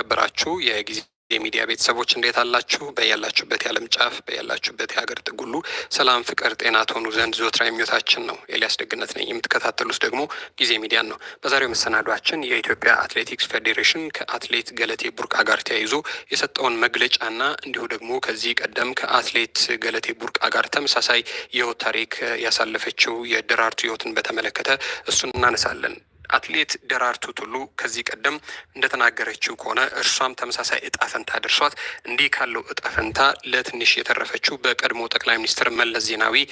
የተከበራችሁ የጊዜ የሚዲያ ቤተሰቦች እንዴት አላችሁ? በያላችሁበት የዓለም ጫፍ በያላችሁበት የሀገር ጥጉሉ ሰላም፣ ፍቅር፣ ጤና ትሆኑ ዘንድ ዞትራ የሚወታችን ነው። ኤልያስ ደግነት ነኝ። የምትከታተሉት ደግሞ ጊዜ ሚዲያን ነው። በዛሬው መሰናዷችን የኢትዮጵያ አትሌቲክስ ፌዴሬሽን ከአትሌት ገለቴ ቡርቃ ጋር ተያይዞ የሰጠውን መግለጫና እንዲሁ ደግሞ ከዚህ ቀደም ከአትሌት ገለቴ ቡርቃ ጋር ተመሳሳይ የህይወት ታሪክ ያሳለፈችው የደራርቱ ህይወትን በተመለከተ እሱን እናነሳለን። አትሌት ደራርቱ ቱሉ ከዚህ ቀደም እንደተናገረችው ከሆነ እርሷም ተመሳሳይ እጣፈንታ ደርሷት እንዲህ ካለው እጣፈንታ ለትንሽ የተረፈችው በቀድሞ ጠቅላይ ሚኒስትር መለስ ዜናዊ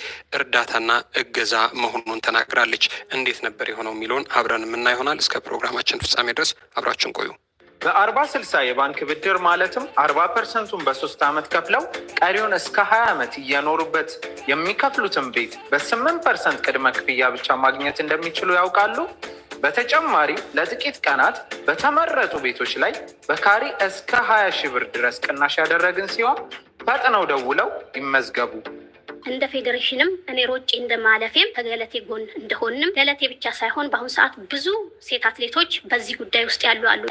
እርዳታና እገዛ መሆኑን ተናግራለች። እንዴት ነበር የሆነው የሚለውን አብረን የምና ይሆናል። እስከ ፕሮግራማችን ፍጻሜ ድረስ አብራችን ቆዩ። በአርባ ስልሳ የባንክ ብድር ማለትም አርባ ፐርሰንቱን በሶስት ዓመት ከፍለው ቀሪውን እስከ ሀያ ዓመት እየኖሩበት የሚከፍሉትን ቤት በስምንት ፐርሰንት ቅድመ ክፍያ ብቻ ማግኘት እንደሚችሉ ያውቃሉ? በተጨማሪ ለጥቂት ቀናት በተመረጡ ቤቶች ላይ በካሬ እስከ 20 ሺህ ብር ድረስ ቅናሽ ያደረግን ሲሆን ፈጥነው ደውለው ይመዝገቡ። እንደ ፌዴሬሽንም እኔ ሮጬ እንደማለፌም ከገለቴ ጎን እንደሆንም ገለቴ ብቻ ሳይሆን በአሁኑ ሰዓት ብዙ ሴት አትሌቶች በዚህ ጉዳይ ውስጥ ያሉ አሉ።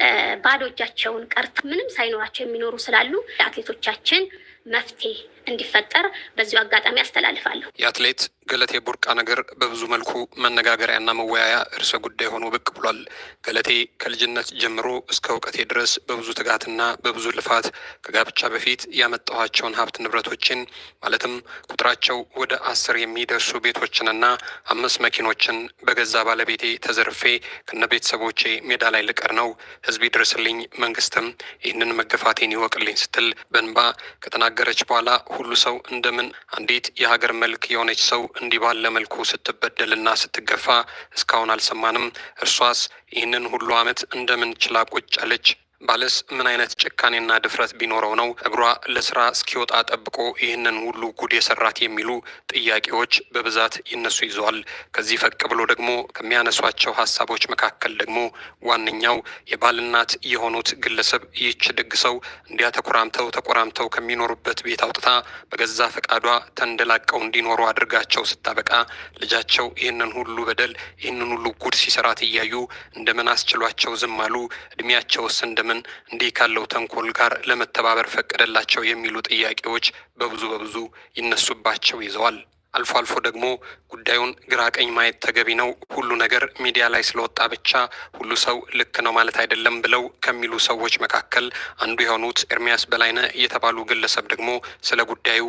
ባዶ እጃቸውን ቀርታ ምንም ሳይኖራቸው የሚኖሩ ስላሉ አትሌቶቻችን መፍትሄ እንዲፈጠር በዚሁ አጋጣሚ አስተላልፋለሁ። የአትሌት ገለቴ ቡርቃ ነገር በብዙ መልኩ መነጋገሪያና መወያያ ርዕሰ ጉዳይ ሆኖ ብቅ ብሏል። ገለቴ ከልጅነት ጀምሮ እስከ እውቀቴ ድረስ በብዙ ትጋትና በብዙ ልፋት ከጋብቻ በፊት ያመጣኋቸውን ሀብት ንብረቶችን ማለትም ቁጥራቸው ወደ አስር የሚደርሱ ቤቶችንና አምስት መኪኖችን በገዛ ባለቤቴ ተዘርፌ ከነ ቤተሰቦቼ ሜዳ ላይ ልቀር ነው፣ ህዝብ ይድረስልኝ፣ መንግስትም ይህንን መገፋቴን ይወቅልኝ ስትል በንባ ከተናገ ከተናገረች በኋላ ሁሉ ሰው እንደምን አንዲት የሀገር መልክ የሆነች ሰው እንዲህ ባለ መልኩ ስትበደልና ስትገፋ እስካሁን አልሰማንም፣ እርሷስ ይህንን ሁሉ ዓመት እንደምን ችላ ቁጭ አለች ባልስ ምን አይነት ጭካኔና ድፍረት ቢኖረው ነው እግሯ ለስራ እስኪወጣ ጠብቆ ይህንን ሁሉ ጉድ የሰራት የሚሉ ጥያቄዎች በብዛት ይነሱ ይዘዋል። ከዚህ ፈቅ ብሎ ደግሞ ከሚያነሷቸው ሀሳቦች መካከል ደግሞ ዋነኛው የባልናት የሆኑት ግለሰብ ይህች ደግሰው ሰው እንዲያ ተኮራምተው ተቆራምተው ከሚኖሩበት ቤት አውጥታ በገዛ ፈቃዷ ተንደላቀው እንዲኖሩ አድርጋቸው ስታበቃ ልጃቸው ይህንን ሁሉ በደል ይህንን ሁሉ ጉድ ሲሰራት እያዩ እንደምን አስችሏቸው ዝም አሉ? እድሜያቸውስ እንደ ለምን እንዲህ ካለው ተንኮል ጋር ለመተባበር ፈቀደላቸው የሚሉ ጥያቄዎች በብዙ በብዙ ይነሱባቸው ይዘዋል። አልፎ አልፎ ደግሞ ጉዳዩን ግራ ቀኝ ማየት ተገቢ ነው፣ ሁሉ ነገር ሚዲያ ላይ ስለወጣ ብቻ ሁሉ ሰው ልክ ነው ማለት አይደለም ብለው ከሚሉ ሰዎች መካከል አንዱ የሆኑት ኤርሚያስ በላይነ የተባሉ ግለሰብ ደግሞ ስለ ጉዳዩ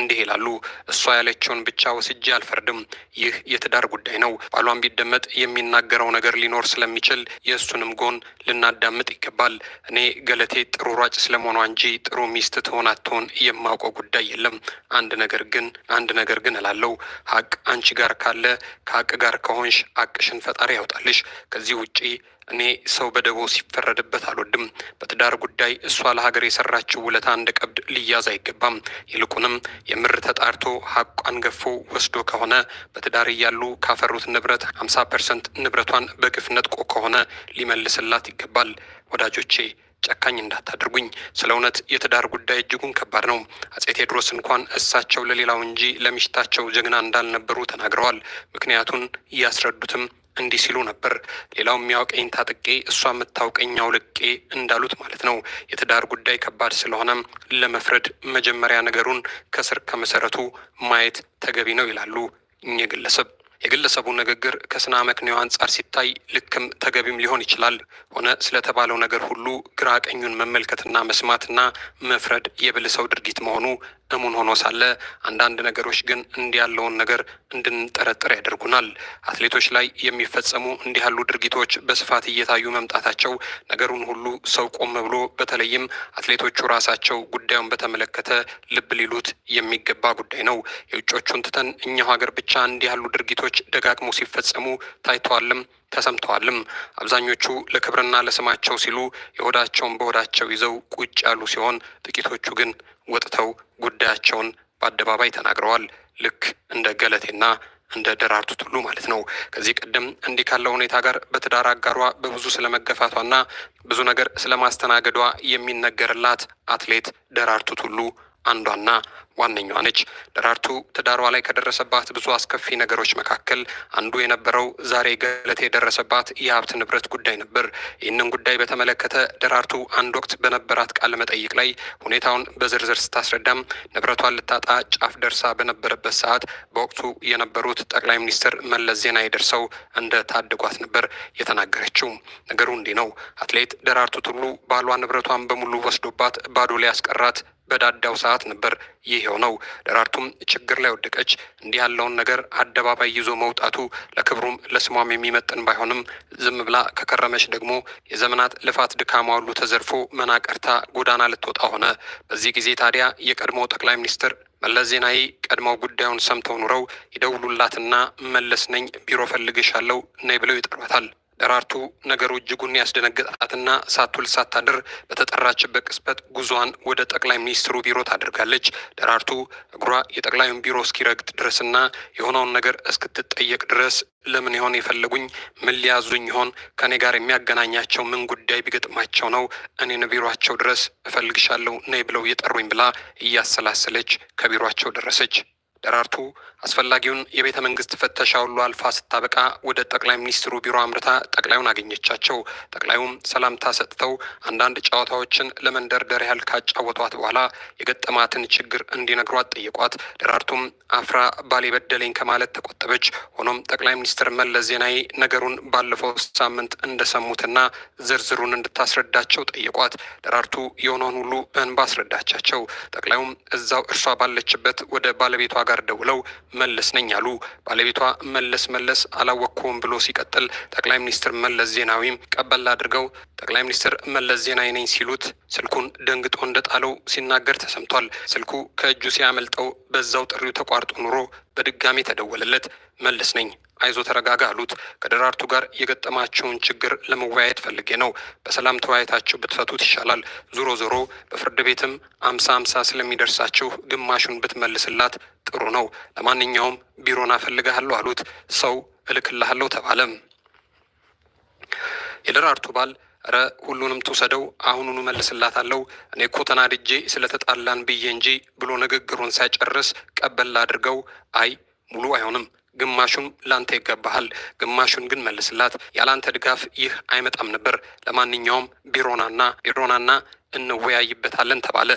እንዲህ ይላሉ። እሷ ያለችውን ብቻ ወስጄ አልፈርድም። ይህ የትዳር ጉዳይ ነው። ባሏን ቢደመጥ የሚናገረው ነገር ሊኖር ስለሚችል የእሱንም ጎን ልናዳምጥ ይገባል። እኔ ገለቴ ጥሩ ሯጭ ስለመሆኗ እንጂ ጥሩ ሚስት ትሆን አትሆን የማውቀው ጉዳይ የለም። አንድ ነገር ግን አንድ ነገር ግን እላለሁ፣ ሀቅ አንቺ ጋር ካለ ከሀቅ ጋር ከሆንሽ አቅሽን ፈጣሪ ያውጣልሽ። ከዚህ ውጪ እኔ ሰው በደቦ ሲፈረድበት አልወድም። በትዳር ጉዳይ እሷ ለሀገር የሰራችው ውለታ እንደ ቀብድ ሊያዝ አይገባም። ይልቁንም የምር ተጣርቶ ሀቋን ገፎ ወስዶ ከሆነ በትዳር እያሉ ካፈሩት ንብረት ሀምሳ ፐርሰንት ንብረቷን በግፍ ነጥቆ ከሆነ ሊመልስላት ይገባል። ወዳጆቼ ጨካኝ እንዳታደርጉኝ። ስለ እውነት የትዳር ጉዳይ እጅጉን ከባድ ነው። አጼ ቴዎድሮስ እንኳን እሳቸው ለሌላው እንጂ ለሚሽታቸው ጀግና እንዳልነበሩ ተናግረዋል። ምክንያቱን እያስረዱትም እንዲህ ሲሉ ነበር። ሌላው የሚያውቀኝ ታጥቄ፣ እሷ የምታውቀኝ አውልቄ እንዳሉት ማለት ነው። የትዳር ጉዳይ ከባድ ስለሆነ ለመፍረድ መጀመሪያ ነገሩን ከስር ከመሰረቱ ማየት ተገቢ ነው ይላሉ እኚህ ግለሰብ። የግለሰቡ ንግግር ከስነ መክንዮ አንጻር ሲታይ ልክም ተገቢም ሊሆን ይችላል። ሆነ ስለተባለው ነገር ሁሉ ግራ ቀኙን መመልከትና መስማትና መፍረድ የብልሰው ድርጊት መሆኑ እሙን ሆኖ ሳለ አንዳንድ ነገሮች ግን እንዲህ ያለውን ነገር እንድንጠረጥር ያደርጉናል። አትሌቶች ላይ የሚፈጸሙ እንዲህ ያሉ ድርጊቶች በስፋት እየታዩ መምጣታቸው ነገሩን ሁሉ ሰው ቆም ብሎ በተለይም አትሌቶቹ ራሳቸው ጉዳዩን በተመለከተ ልብ ሊሉት የሚገባ ጉዳይ ነው። የውጮቹን ትተን እኛው ሀገር ብቻ እንዲህ ያሉ ድርጊቶች ደጋግሞ ሲፈጸሙ ታይተዋልም ተሰምተዋልም። አብዛኞቹ ለክብርና ለስማቸው ሲሉ የሆዳቸውን በሆዳቸው ይዘው ቁጭ ያሉ ሲሆን፣ ጥቂቶቹ ግን ወጥተው ጉዳያቸውን በአደባባይ ተናግረዋል። ልክ እንደ ገለቴና እንደ ደራርቱ ቱሉ ማለት ነው። ከዚህ ቀደም እንዲህ ካለው ሁኔታ ጋር በትዳር አጋሯ በብዙ ስለመገፋቷና ብዙ ነገር ስለማስተናገዷ የሚነገርላት አትሌት ደራርቱ ቱሉ አንዷና ዋነኛዋ ነች። ደራርቱ ትዳሯ ላይ ከደረሰባት ብዙ አስከፊ ነገሮች መካከል አንዱ የነበረው ዛሬ ገለቴ የደረሰባት የሀብት ንብረት ጉዳይ ነበር። ይህንን ጉዳይ በተመለከተ ደራርቱ አንድ ወቅት በነበራት ቃለ መጠይቅ ላይ ሁኔታውን በዝርዝር ስታስረዳም ንብረቷን ልታጣ ጫፍ ደርሳ በነበረበት ሰዓት በወቅቱ የነበሩት ጠቅላይ ሚኒስትር መለስ ዜናዊ ደርሰው እንደ ታድጓት ነበር የተናገረችው። ነገሩ እንዲህ ነው። አትሌት ደራርቱ ቱሉ ባሏ ንብረቷን በሙሉ ወስዶባት ባዶ ላይ ያስቀራት በዳዳው ሰዓት ነበር ይህ የሆነው። ደራርቱም ችግር ላይ ወደቀች። እንዲህ ያለውን ነገር አደባባይ ይዞ መውጣቱ ለክብሩም ለስሟም የሚመጥን ባይሆንም ዝም ብላ ከከረመች ደግሞ የዘመናት ልፋት ድካማ ሁሉ ተዘርፎ መናቀርታ ጎዳና ልትወጣ ሆነ። በዚህ ጊዜ ታዲያ የቀድሞ ጠቅላይ ሚኒስትር መለስ ዜናዊ ቀድመው ጉዳዩን ሰምተው ኑረው ይደውሉላትና መለስ ነኝ ቢሮ ፈልግሻለው ነይ ብለው ይጠሯታል። ደራርቱ ነገሩ እጅጉን ያስደነገጣትና ሳትውል ሳታድር በተጠራችበት ቅጽበት ጉዟን ወደ ጠቅላይ ሚኒስትሩ ቢሮ ታደርጋለች። ደራርቱ እግሯ የጠቅላዩን ቢሮ እስኪረግጥ ድረስና የሆነውን ነገር እስክትጠየቅ ድረስ ለምን ይሆን የፈለጉኝ? ምን ሊያዙኝ ይሆን? ከእኔ ጋር የሚያገናኛቸው ምን ጉዳይ ቢገጥማቸው ነው እኔን ቢሯቸው ድረስ እፈልግሻለሁ ነይ ብለው የጠሩኝ? ብላ እያሰላሰለች ከቢሯቸው ደረሰች። ደራርቱ አስፈላጊውን የቤተ መንግስት ፍተሻ ሁሉ አልፋ ስታበቃ ወደ ጠቅላይ ሚኒስትሩ ቢሮ አምርታ ጠቅላዩን አገኘቻቸው። ጠቅላዩም ሰላምታ ሰጥተው አንዳንድ ጨዋታዎችን ለመንደርደር ያህል ካጫወቷት በኋላ የገጠማትን ችግር እንዲነግሯት ጠየቋት። ደራርቱም አፍራ ባሌ በደለኝ ከማለት ተቆጠበች። ሆኖም ጠቅላይ ሚኒስትር መለስ ዜናዊ ነገሩን ባለፈው ሳምንት እንደሰሙትና ዝርዝሩን እንድታስረዳቸው ጠየቋት። ደራርቱ የሆነውን ሁሉ በእንባ አስረዳቻቸው። ጠቅላዩም እዛው እርሷ ባለችበት ወደ ባለቤቷ ጋር ደውለው መለስ ነኝ አሉ። ባለቤቷ መለስ መለስ አላወቅኩም ብሎ ሲቀጥል ጠቅላይ ሚኒስትር መለስ ዜናዊም ቀበል አድርገው ጠቅላይ ሚኒስትር መለስ ዜናዊ ነኝ ሲሉት ስልኩን ደንግጦ እንደጣለው ሲናገር ተሰምቷል። ስልኩ ከእጁ ሲያመልጠው በዛው ጥሪው ተቋርጦ ኑሮ በድጋሚ ተደወለለት። መለስ ነኝ አይዞ ተረጋጋ አሉት። ከደራርቱ ጋር የገጠማቸውን ችግር ለመወያየት ፈልጌ ነው። በሰላም ተወያየታችሁ ብትፈቱት ይሻላል። ዞሮ ዞሮ በፍርድ ቤትም አምሳ አምሳ ስለሚደርሳችሁ ግማሹን ብትመልስላት ጥሩ ነው፣ ለማንኛውም ቢሮን አፈልግሃለሁ አሉት። ሰው እልክልሃለሁ ተባለም። የደራርቱ ባል እረ ሁሉንም ትውሰደው አሁኑኑ መልስላታለሁ፣ እኔ እኮ ተናድጄ ስለተጣላን ብዬ እንጂ ብሎ ንግግሩን ሳይጨርስ ቀበል አድርገው አይ ሙሉ አይሆንም ግማሹን ላንተ ይገባሃል፣ ግማሹን ግን መልስላት። ያላንተ ድጋፍ ይህ አይመጣም ነበር። ለማንኛውም ቢሮናና ቢሮናና እንወያይበታለን ተባለ።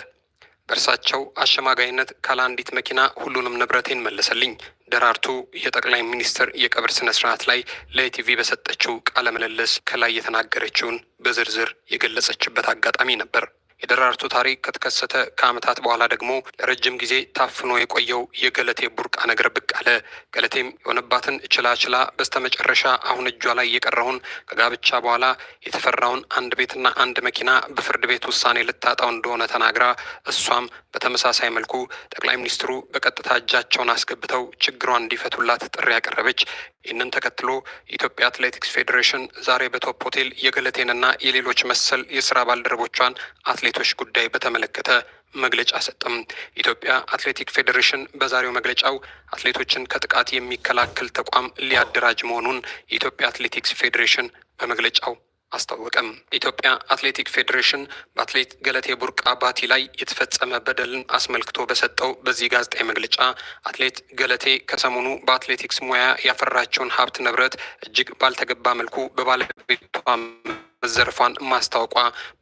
በእርሳቸው አሸማጋይነት ካለአንዲት መኪና ሁሉንም ንብረቴን መለሰልኝ። ደራርቱ የጠቅላይ ሚኒስትር የቀብር ስነ ስርዓት ላይ ለኢቲቪ በሰጠችው ቃለ ምልልስ ከላይ የተናገረችውን በዝርዝር የገለጸችበት አጋጣሚ ነበር። የደራርቱ ታሪክ ከተከሰተ ከዓመታት በኋላ ደግሞ ለረጅም ጊዜ ታፍኖ የቆየው የገለቴ ቡርቃ ነገር ብቅ አለ። ገለቴም የሆነባትን ችላ ችላ በስተመጨረሻ አሁን እጇ ላይ የቀረውን ከጋብቻ በኋላ የተፈራውን አንድ ቤትና አንድ መኪና በፍርድ ቤት ውሳኔ ልታጣው እንደሆነ ተናግራ እሷም በተመሳሳይ መልኩ ጠቅላይ ሚኒስትሩ በቀጥታ እጃቸውን አስገብተው ችግሯን እንዲፈቱላት ጥሪ ያቀረበች ይህንን ተከትሎ የኢትዮጵያ አትሌቲክስ ፌዴሬሽን ዛሬ በቶፕ ሆቴል የገለቴንና የሌሎች መሰል የስራ ባልደረቦቿን አትሌቶች ጉዳይ በተመለከተ መግለጫ ሰጥም። ኢትዮጵያ አትሌቲክ ፌዴሬሽን በዛሬው መግለጫው አትሌቶችን ከጥቃት የሚከላከል ተቋም ሊያደራጅ መሆኑን የኢትዮጵያ አትሌቲክስ ፌዴሬሽን በመግለጫው አስታወቀም። ኢትዮጵያ አትሌቲክ ፌዴሬሽን በአትሌት ገለቴ ቡርቃ ባቲ ላይ የተፈጸመ በደልን አስመልክቶ በሰጠው በዚህ ጋዜጣዊ መግለጫ አትሌት ገለቴ ከሰሞኑ በአትሌቲክስ ሙያ ያፈራቸውን ሀብት ንብረት እጅግ ባልተገባ መልኩ በባለቤቷ መዘረፏን ማስታወቋ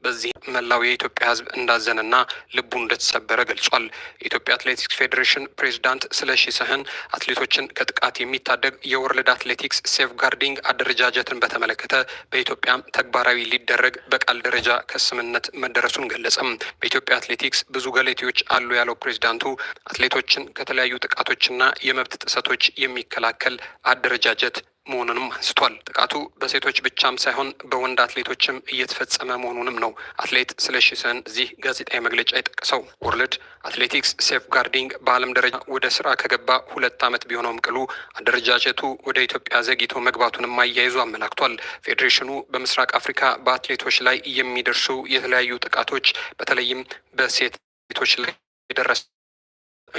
በዚህ መላው የኢትዮጵያ ሕዝብ እንዳዘነና ልቡ እንደተሰበረ ገልጿል። የኢትዮጵያ አትሌቲክስ ፌዴሬሽን ፕሬዚዳንት ስለሺ ስህን አትሌቶችን ከጥቃት የሚታደግ የወርልድ አትሌቲክስ ሴፍ ጋርዲንግ አደረጃጀትን በተመለከተ በኢትዮጵያም ተግባራዊ ሊደረግ በቃል ደረጃ ከስምነት መደረሱን ገለጸም። በኢትዮጵያ አትሌቲክስ ብዙ ገለቴዎች አሉ ያለው ፕሬዚዳንቱ አትሌቶችን ከተለያዩ ጥቃቶችና የመብት ጥሰቶች የሚከላከል አደረጃጀት መሆኑንም አንስቷል። ጥቃቱ በሴቶች ብቻም ሳይሆን በወንድ አትሌቶችም እየተፈጸመ መሆኑንም ነው አትሌት ስለሺ ስህን እዚህ ጋዜጣዊ መግለጫ የጠቀሰው። ወርልድ አትሌቲክስ ሴፍ ጋርዲንግ በዓለም ደረጃ ወደ ስራ ከገባ ሁለት ዓመት ቢሆነውም ቅሉ አደረጃጀቱ ወደ ኢትዮጵያ ዘግይቶ መግባቱንም አያይዞ አመላክቷል። ፌዴሬሽኑ በምስራቅ አፍሪካ በአትሌቶች ላይ የሚደርሱ የተለያዩ ጥቃቶች በተለይም በሴት አትሌቶች ላይ የደረሰ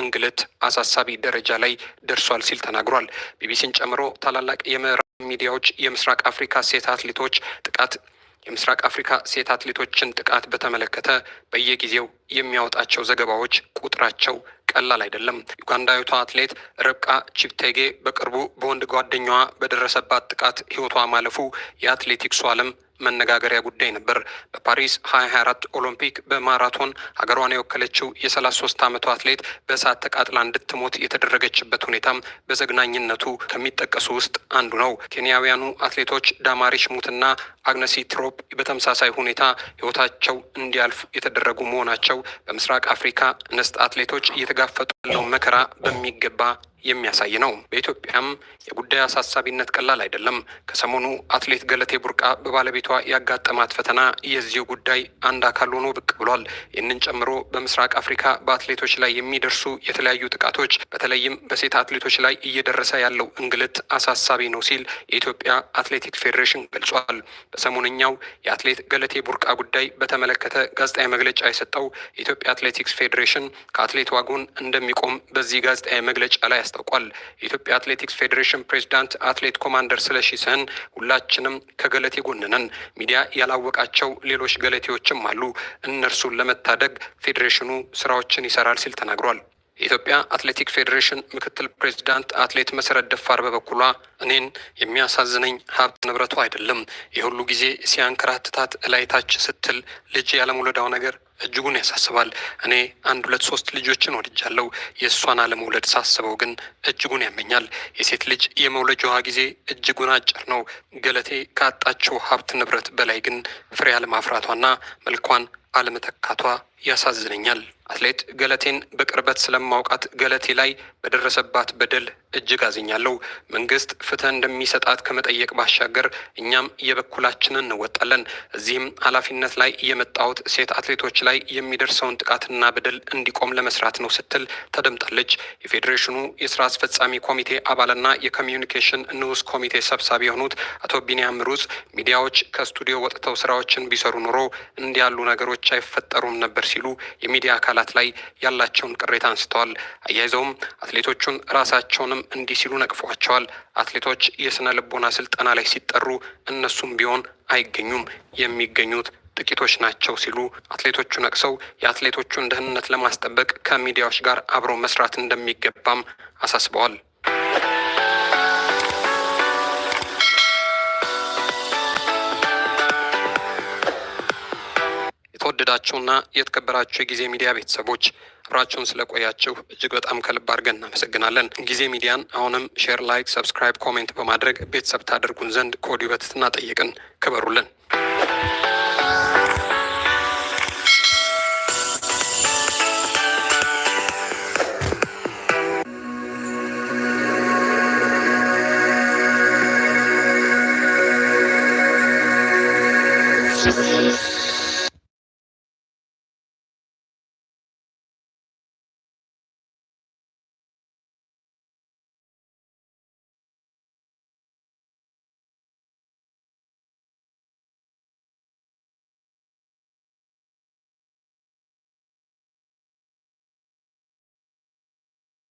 እንግልት አሳሳቢ ደረጃ ላይ ደርሷል ሲል ተናግሯል። ቢቢሲን ጨምሮ ታላላቅ የምዕራብ ሚዲያዎች የምስራቅ አፍሪካ ሴት አትሌቶች ጥቃት የምስራቅ አፍሪካ ሴት አትሌቶችን ጥቃት በተመለከተ በየጊዜው የሚያወጣቸው ዘገባዎች ቁጥራቸው ቀላል አይደለም። ዩጋንዳዊቷ አትሌት ርብቃ ቺፕቴጌ በቅርቡ በወንድ ጓደኛዋ በደረሰባት ጥቃት ሕይወቷ ማለፉ የአትሌቲክሱ ዓለም መነጋገሪያ ጉዳይ ነበር። በፓሪስ 2024 ኦሎምፒክ በማራቶን ሀገሯን የወከለችው የ33 ዓመቷ አትሌት በእሳት ተቃጥላ እንድትሞት የተደረገችበት ሁኔታም በዘግናኝነቱ ከሚጠቀሱ ውስጥ አንዱ ነው። ኬንያውያኑ አትሌቶች ዳማሪሽ ሙትና አግነሲ ትሮፕ በተመሳሳይ ሁኔታ ህይወታቸው እንዲያልፍ የተደረጉ መሆናቸው በምስራቅ አፍሪካ እንስት አትሌቶች እየተገ እየተጋፈጡ ያለውን መከራ በሚገባ የሚያሳይ ነው። በኢትዮጵያም የጉዳይ አሳሳቢነት ቀላል አይደለም። ከሰሞኑ አትሌት ገለቴ ቡርቃ በባለቤቷ ያጋጠማት ፈተና የዚሁ ጉዳይ አንድ አካል ሆኖ ብቅ ብሏል። ይህንን ጨምሮ በምስራቅ አፍሪካ በአትሌቶች ላይ የሚደርሱ የተለያዩ ጥቃቶች፣ በተለይም በሴት አትሌቶች ላይ እየደረሰ ያለው እንግልት አሳሳቢ ነው ሲል የኢትዮጵያ አትሌቲክስ ፌዴሬሽን ገልጿል። በሰሞነኛው የአትሌት ገለቴ ቡርቃ ጉዳይ በተመለከተ ጋዜጣዊ መግለጫ የሰጠው የኢትዮጵያ አትሌቲክስ ፌዴሬሽን ከአትሌቷ ጎን እንደሚቆም በዚህ ጋዜጣዊ መግለጫ ላይ አስታውቋል። የኢትዮጵያ አትሌቲክስ ፌዴሬሽን ፕሬዚዳንት አትሌት ኮማንደር ስለሺ ስህን ሁላችንም ከገለቴ ጎንነን ሚዲያ ያላወቃቸው ሌሎች ገለቴዎችም አሉ፣ እነርሱን ለመታደግ ፌዴሬሽኑ ስራዎችን ይሰራል ሲል ተናግሯል። የኢትዮጵያ አትሌቲክስ ፌዴሬሽን ምክትል ፕሬዚዳንት አትሌት መሰረት ደፋር በበኩሏ እኔን የሚያሳዝነኝ ሀብት ንብረቱ አይደለም፣ የሁሉ ጊዜ ሲያንከራትታት እላይታች ስትል ልጅ ያለመውለዳው ነገር እጅጉን ያሳስባል። እኔ አንድ ሁለት ሶስት ልጆችን ወድጃለሁ። የእሷን አለመውለድ ሳስበው ግን እጅጉን ያመኛል። የሴት ልጅ የመውለጃዋ ጊዜ እጅጉን አጭር ነው። ገለቴ ካጣችው ሀብት ንብረት በላይ ግን ፍሬ አለማፍራቷና መልኳን አለመተካቷ ያሳዝነኛል። አትሌት ገለቴን በቅርበት ስለማውቃት ገለቴ ላይ በደረሰባት በደል እጅግ አዝኛለሁ። መንግስት ፍትህ እንደሚሰጣት ከመጠየቅ ባሻገር እኛም የበኩላችንን እንወጣለን። እዚህም ኃላፊነት ላይ የመጣሁት ሴት አትሌቶች ላይ የሚደርሰውን ጥቃትና በደል እንዲቆም ለመስራት ነው ስትል ተደምጣለች። የፌዴሬሽኑ የስራ አስፈጻሚ ኮሚቴ አባልና የኮሚዩኒኬሽን ንዑስ ኮሚቴ ሰብሳቢ የሆኑት አቶ ቢኒያም ሩጽ ሚዲያዎች ከስቱዲዮ ወጥተው ስራዎችን ቢሰሩ ኑሮ እንዲያሉ ነገሮች አይፈጠሩም ነበር ሲሉ የሚዲያ አካል አካላት ላይ ያላቸውን ቅሬታ አንስተዋል። አያይዘውም አትሌቶቹን ራሳቸውንም እንዲህ ሲሉ ነቅፏቸዋል። አትሌቶች የስነ ልቦና ስልጠና ላይ ሲጠሩ እነሱም ቢሆን አይገኙም፣ የሚገኙት ጥቂቶች ናቸው ሲሉ አትሌቶቹ ነቅሰው የአትሌቶቹን ደህንነት ለማስጠበቅ ከሚዲያዎች ጋር አብሮ መስራት እንደሚገባም አሳስበዋል። የተወደዳችሁና የተከበራችሁ የጊዜ ሚዲያ ቤተሰቦች አብራችሁን ስለቆያችሁ እጅግ በጣም ከልብ አድርገን እናመሰግናለን። ጊዜ ሚዲያን አሁንም ሼር፣ ላይክ፣ ሰብስክራይብ፣ ኮሜንት በማድረግ ቤተሰብ ታደርጉን ዘንድ ከወዲሁ በትህትና ጠይቅን። ክበሩልን። Thank you.